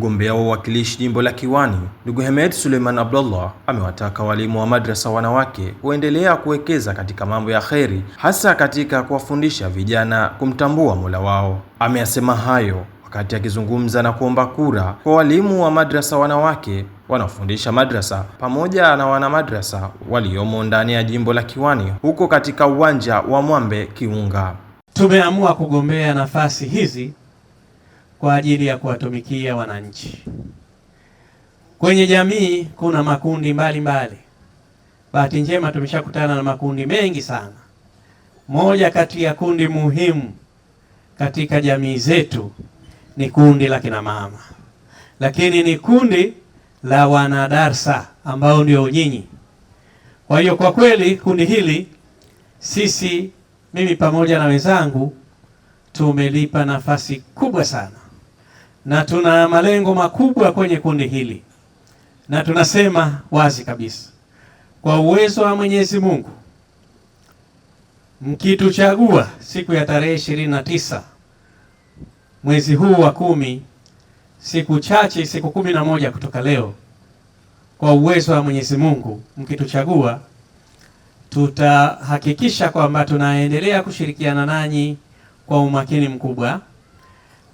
Mgombea wa uwakilishi jimbo la Kiwani, ndugu Hemed Suleiman Abdullah amewataka walimu wa madrasa wanawake kuendelea kuwekeza katika mambo ya kheri, hasa katika kuwafundisha vijana kumtambua Mola wao. Ameyasema hayo wakati akizungumza na kuomba kura kwa walimu wa madrasa wanawake wanaofundisha madrasa pamoja na wana madrasa waliomo ndani ya jimbo la Kiwani huko katika uwanja wa Mwambe Kiunga. Tumeamua kugombea nafasi hizi kwa ajili ya kuwatumikia wananchi. Kwenye jamii kuna makundi mbalimbali. Bahati njema tumeshakutana na makundi mengi sana. Moja kati ya kundi muhimu katika jamii zetu ni kundi la kina mama, lakini ni kundi la wanadarsa ambao ndio nyinyi. Kwa hiyo kwa kweli kundi hili sisi, mimi pamoja na wenzangu, tumelipa nafasi kubwa sana na tuna malengo makubwa kwenye kundi hili, na tunasema wazi kabisa, kwa uwezo wa Mwenyezi Mungu, mkituchagua siku ya tarehe ishirini na tisa mwezi huu wa kumi, siku chache, siku kumi na moja kutoka leo, kwa uwezo wa Mwenyezi Mungu, mkituchagua tutahakikisha kwamba tunaendelea kushirikiana nanyi kwa umakini mkubwa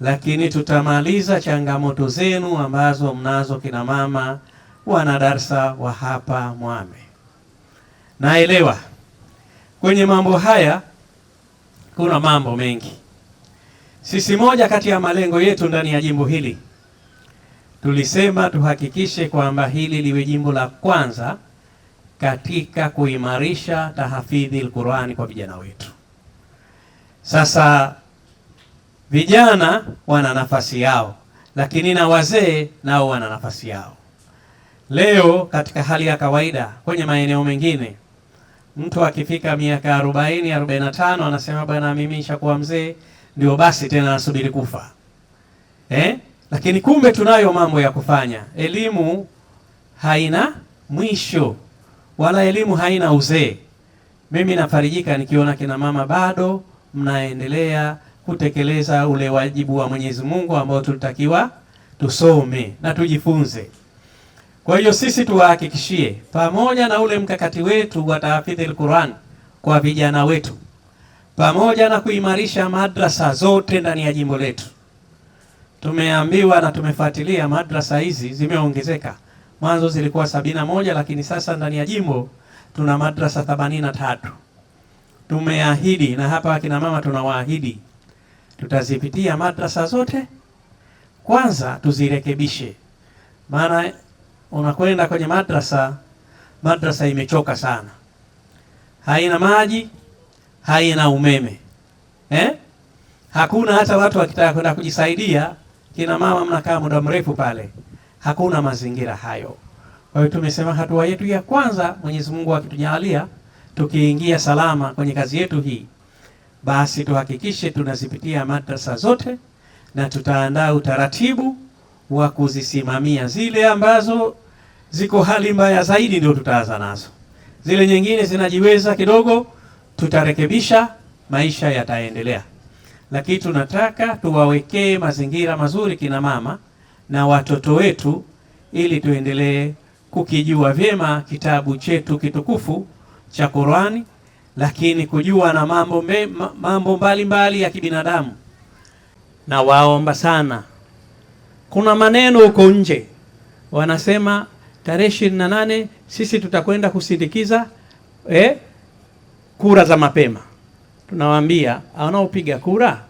lakini tutamaliza changamoto zenu ambazo mnazo kina mama wanadarsa wa hapa Mwame. Naelewa kwenye mambo haya kuna mambo mengi. Sisi moja kati ya malengo yetu ndani ya jimbo hili tulisema tuhakikishe kwamba hili liwe jimbo la kwanza katika kuimarisha tahafidhi al-Qur'ani kwa vijana wetu. Sasa Vijana wana nafasi yao, lakini na wazee nao wana nafasi yao. Leo katika hali ya kawaida kwenye maeneo mengine mtu akifika miaka 40 45, anasema bwana, mimi nishakuwa mzee, ndio basi tena nasubiri kufa eh? Lakini kumbe tunayo mambo ya kufanya. Elimu haina mwisho wala elimu haina uzee. Mimi nafarijika nikiona kina mama bado mnaendelea kutekeleza ule wajibu wa Mwenyezi Mungu ambao tulitakiwa tusome na tujifunze. Kwa hiyo sisi tuwahakikishie, pamoja na ule mkakati wetu wa al Qur'an kwa vijana wetu, pamoja na kuimarisha madrasa zote ndani ya jimbo letu, tumeambiwa na tumefuatilia madrasa hizi zimeongezeka. Mwanzo zilikuwa sabini na moja lakini sasa ndani ya jimbo tuna madrasa themanini na tatu. Tumeahidi na hapa akina mama tunawaahidi tutazipitia madrasa zote kwanza, tuzirekebishe. Maana unakwenda kwenye madrasa, madrasa imechoka sana, haina maji, haina umeme eh? Hakuna hata watu wakitaka kwenda kujisaidia, kina mama mnakaa muda mrefu pale, hakuna mazingira hayo. Kwa hiyo tumesema hatua yetu ya kwanza, Mwenyezi Mungu akitujalia, tukiingia salama kwenye kazi yetu hii basi tuhakikishe tunazipitia madrasa zote na tutaandaa utaratibu wa kuzisimamia. Zile ambazo ziko hali mbaya zaidi ndio tutaanza nazo, zile nyingine zinajiweza kidogo tutarekebisha, maisha yataendelea. Lakini tunataka tuwawekee mazingira mazuri kina mama na watoto wetu, ili tuendelee kukijua vyema kitabu chetu kitukufu cha Qur'ani lakini kujua na mambo mbe, mambo mbalimbali mbali ya kibinadamu. Na waomba sana, kuna maneno huko nje wanasema tarehe ishirini na nane sisi tutakwenda kusindikiza eh, kura za mapema. Tunawaambia wanaopiga kura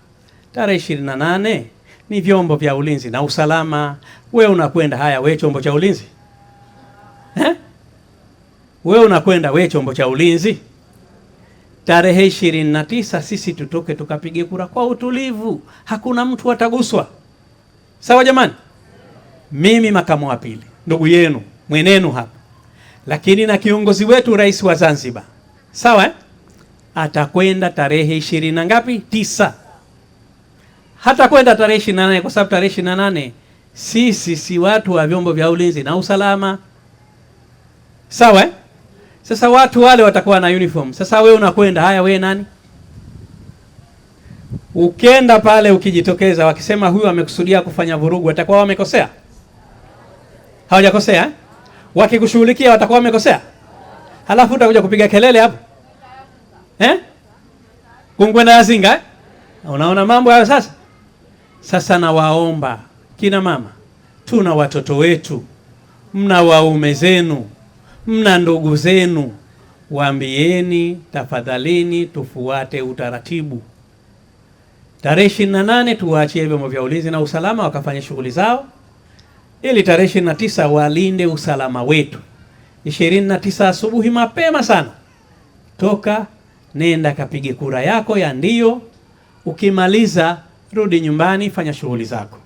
tarehe ishirini na nane ni vyombo vya ulinzi na usalama. We unakwenda haya, we chombo cha ulinzi eh? We unakwenda we chombo cha ulinzi tarehe ishirini na tisa sisi tutoke tukapige kura kwa utulivu, hakuna mtu ataguswa. Sawa jamani, mimi makamu wa pili ndugu yenu mwenenu hapa, lakini na kiongozi wetu rais wa Zanzibar sawa eh? Atakwenda tarehe ishirini na ngapi? Tisa. hata kwenda tarehe ishirini na nane kwa sababu tarehe ishirini na nane sisi si watu wa vyombo vya ulinzi na usalama sawa eh? Sasa watu wale watakuwa na uniform. Sasa we unakwenda, haya we nani? Ukenda pale ukijitokeza, wakisema huyu amekusudia kufanya vurugu, watakuwa wamekosea? Hawajakosea eh? Wakikushughulikia watakuwa wamekosea? Halafu utakuja kupiga kelele hapo eh? Kungwenda yazinga eh? Unaona mambo hayo sasa. Sasa nawaomba kina mama, tuna watoto wetu, mna waume zenu mna ndugu zenu, waambieni tafadhalini tufuate utaratibu. Tarehe ishirini na nane tuwaachie vyombo vya ulinzi na usalama wakafanya shughuli zao, ili tarehe ishirini na tisa walinde usalama wetu. ishirini na tisa asubuhi mapema sana, toka nenda kapige kura yako ya ndio. Ukimaliza rudi nyumbani, fanya shughuli zako.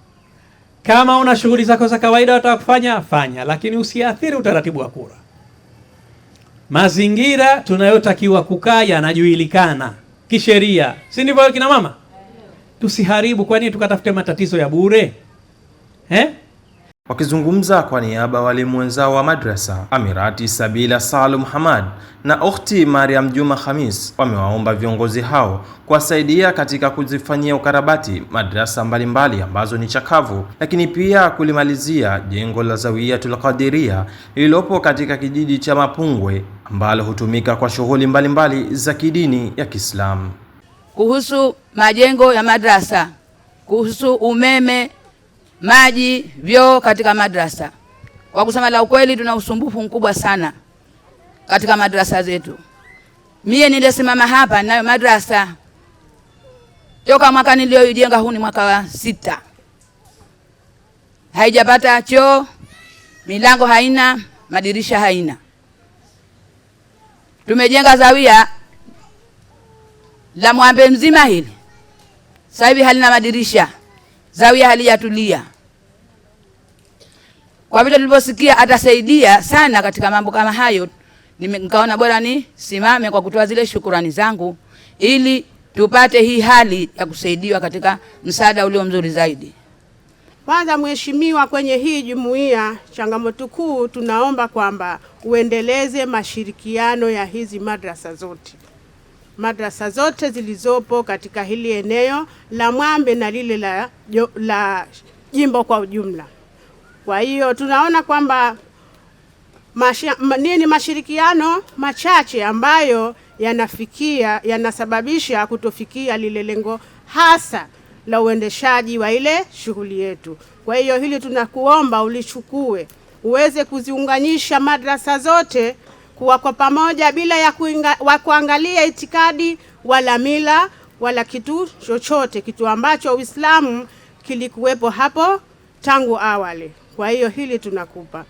Kama una shughuli zako za kawaida watakufanya fanya, lakini usiathiri utaratibu wa kura mazingira tunayotakiwa kukaa yanajulikana kisheria, si ndivyo kina mama? Tusiharibu, kwa nini tukatafute matatizo ya bure eh? Wakizungumza kwa niaba ya walimu wenzao wa madrasa, Amirati Sabila Salum Hamad na Ukhti Mariam Juma Khamis wamewaomba viongozi hao kuwasaidia katika kuzifanyia ukarabati madrasa mbalimbali ambazo ni chakavu, lakini pia kulimalizia jengo la Zawiyatul Qadiria lililopo katika kijiji cha Mapungwe ambalo hutumika kwa shughuli mbalimbali za kidini ya Kiislamu, kuhusu majengo ya madrasa, kuhusu umeme, maji, vyoo katika madrasa. Kwa kusema la ukweli, tuna usumbufu mkubwa sana katika madrasa zetu. Mie nilisimama hapa nayo madrasa toka mwaka niliyoijenga, huu ni mwaka wa sita, haijapata choo, milango haina, madirisha haina. Tumejenga zawia la Mwambe mzima hili sasa hivi halina madirisha, zawia halijatulia. Kwa vile tulivyosikia atasaidia sana katika mambo kama hayo, nikaona bora simame kwa kutoa zile shukurani zangu ili tupate hii hali ya kusaidiwa katika msaada ulio mzuri zaidi. Kwanza mheshimiwa, kwenye hii jumuiya, changamoto kuu tunaomba kwamba uendeleze mashirikiano ya hizi madrasa zote, madrasa zote zilizopo katika hili eneo la Mwambe na lile la, la jimbo kwa ujumla. Kwa hiyo tunaona kwamba ni nini mashirikiano machache ambayo yanafikia yanasababisha kutofikia lile lengo hasa la uendeshaji wa ile shughuli yetu. Kwa hiyo hili tunakuomba ulichukue uweze kuziunganisha madrasa zote kuwa kwa pamoja bila ya kuinga, kuangalia itikadi wala mila wala kitu chochote, kitu ambacho Uislamu kilikuwepo hapo tangu awali. Kwa hiyo hili tunakupa.